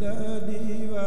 daadi wa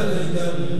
la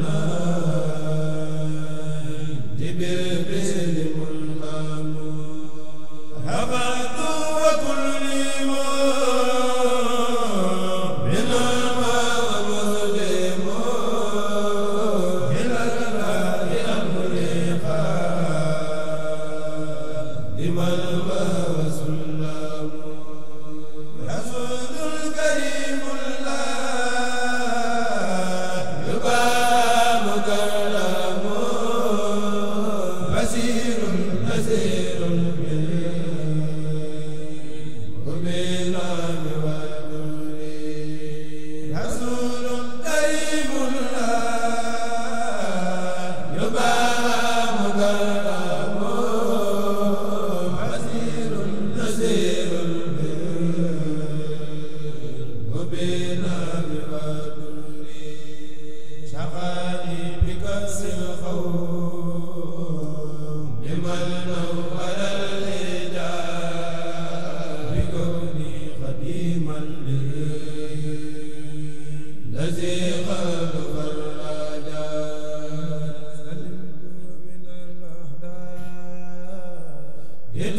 it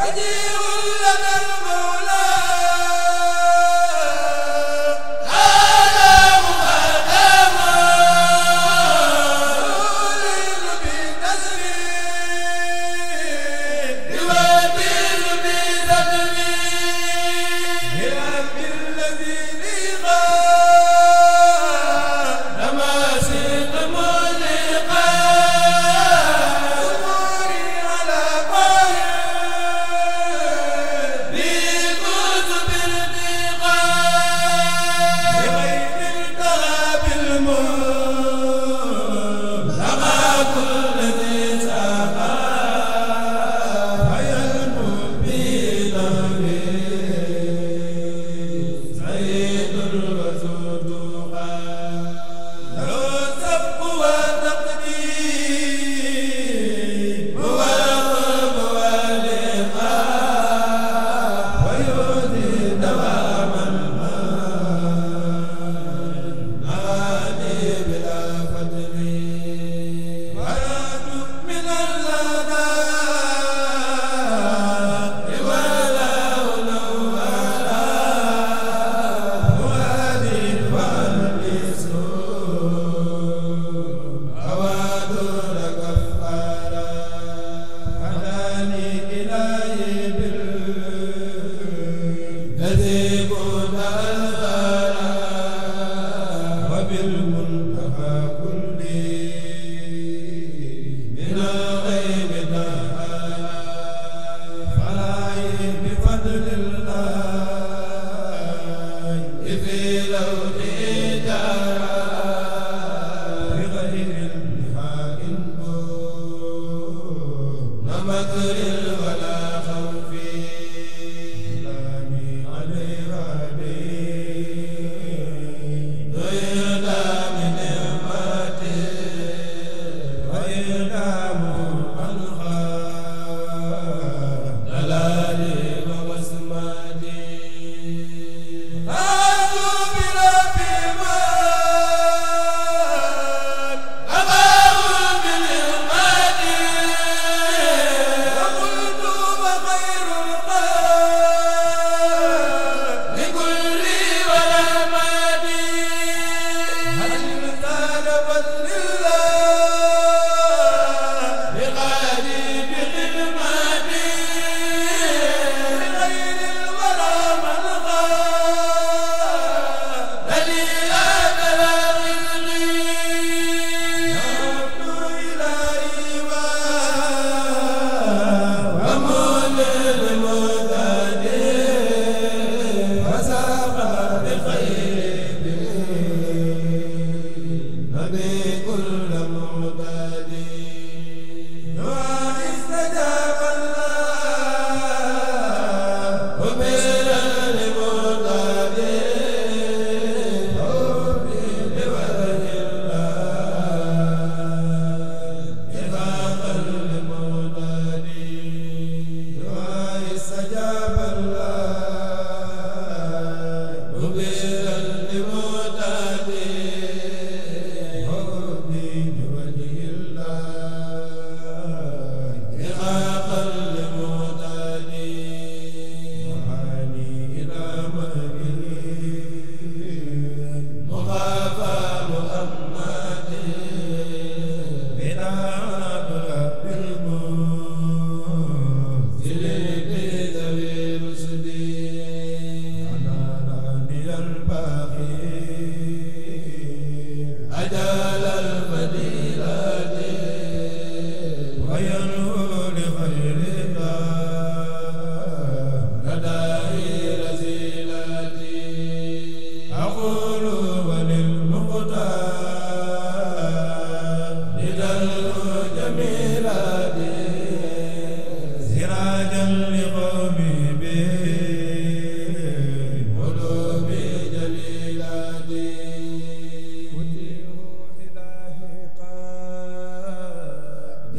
waje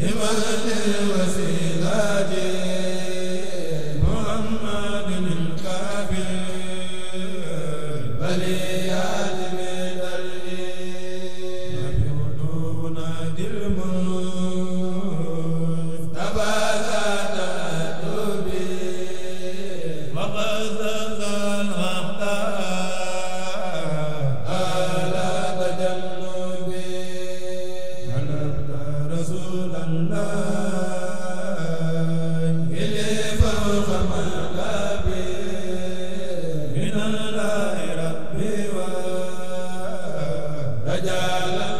imal wasi jala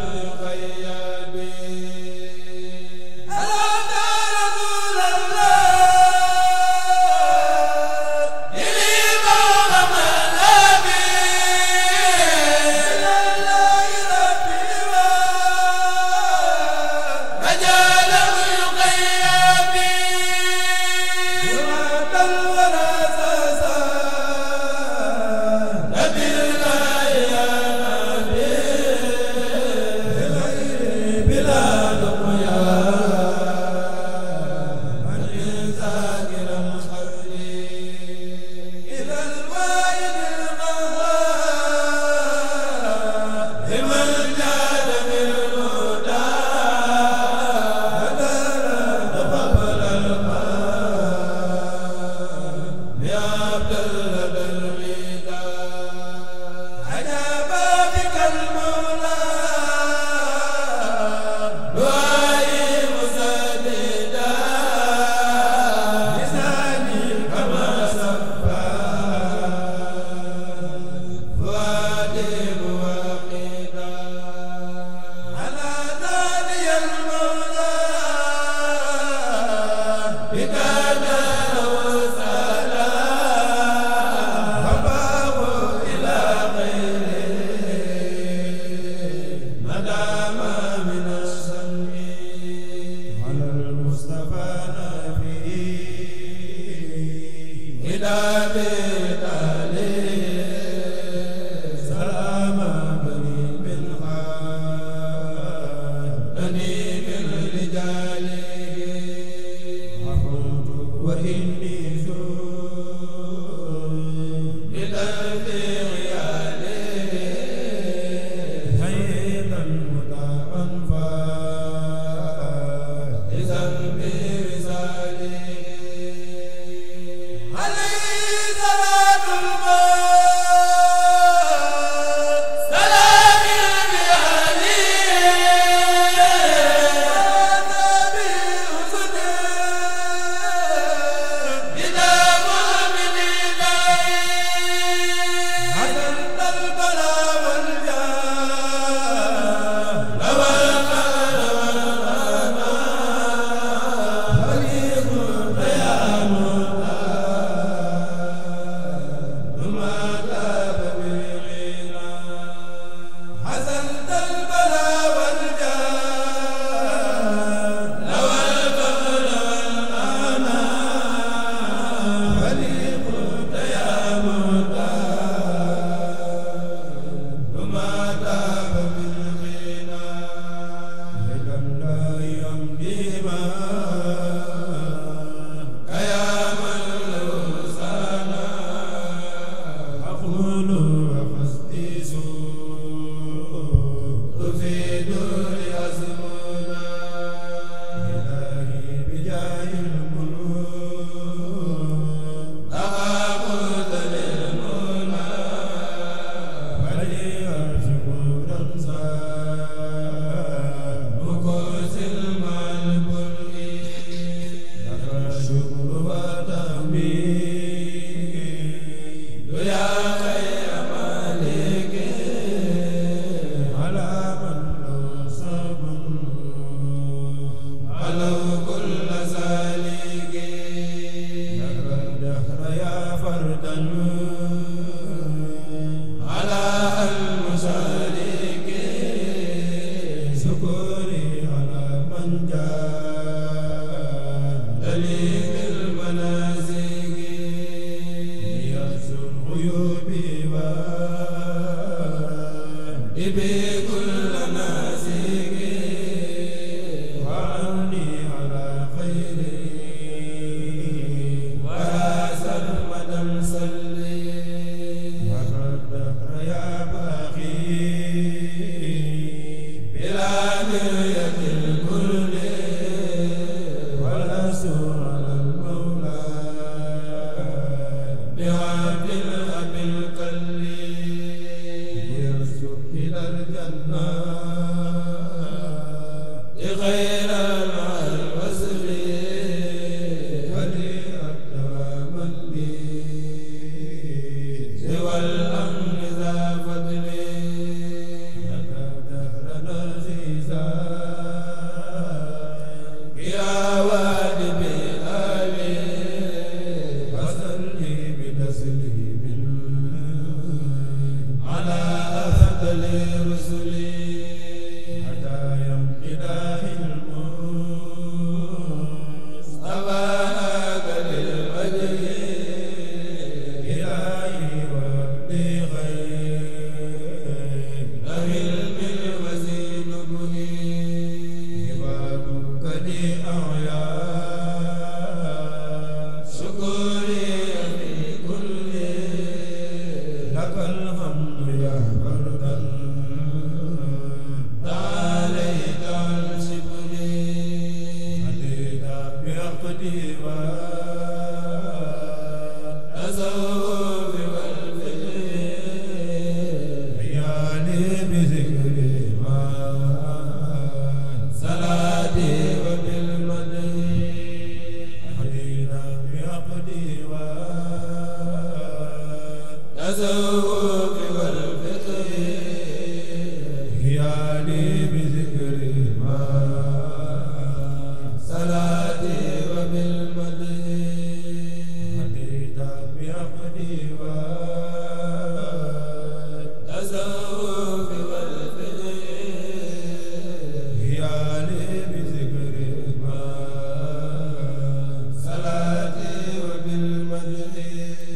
li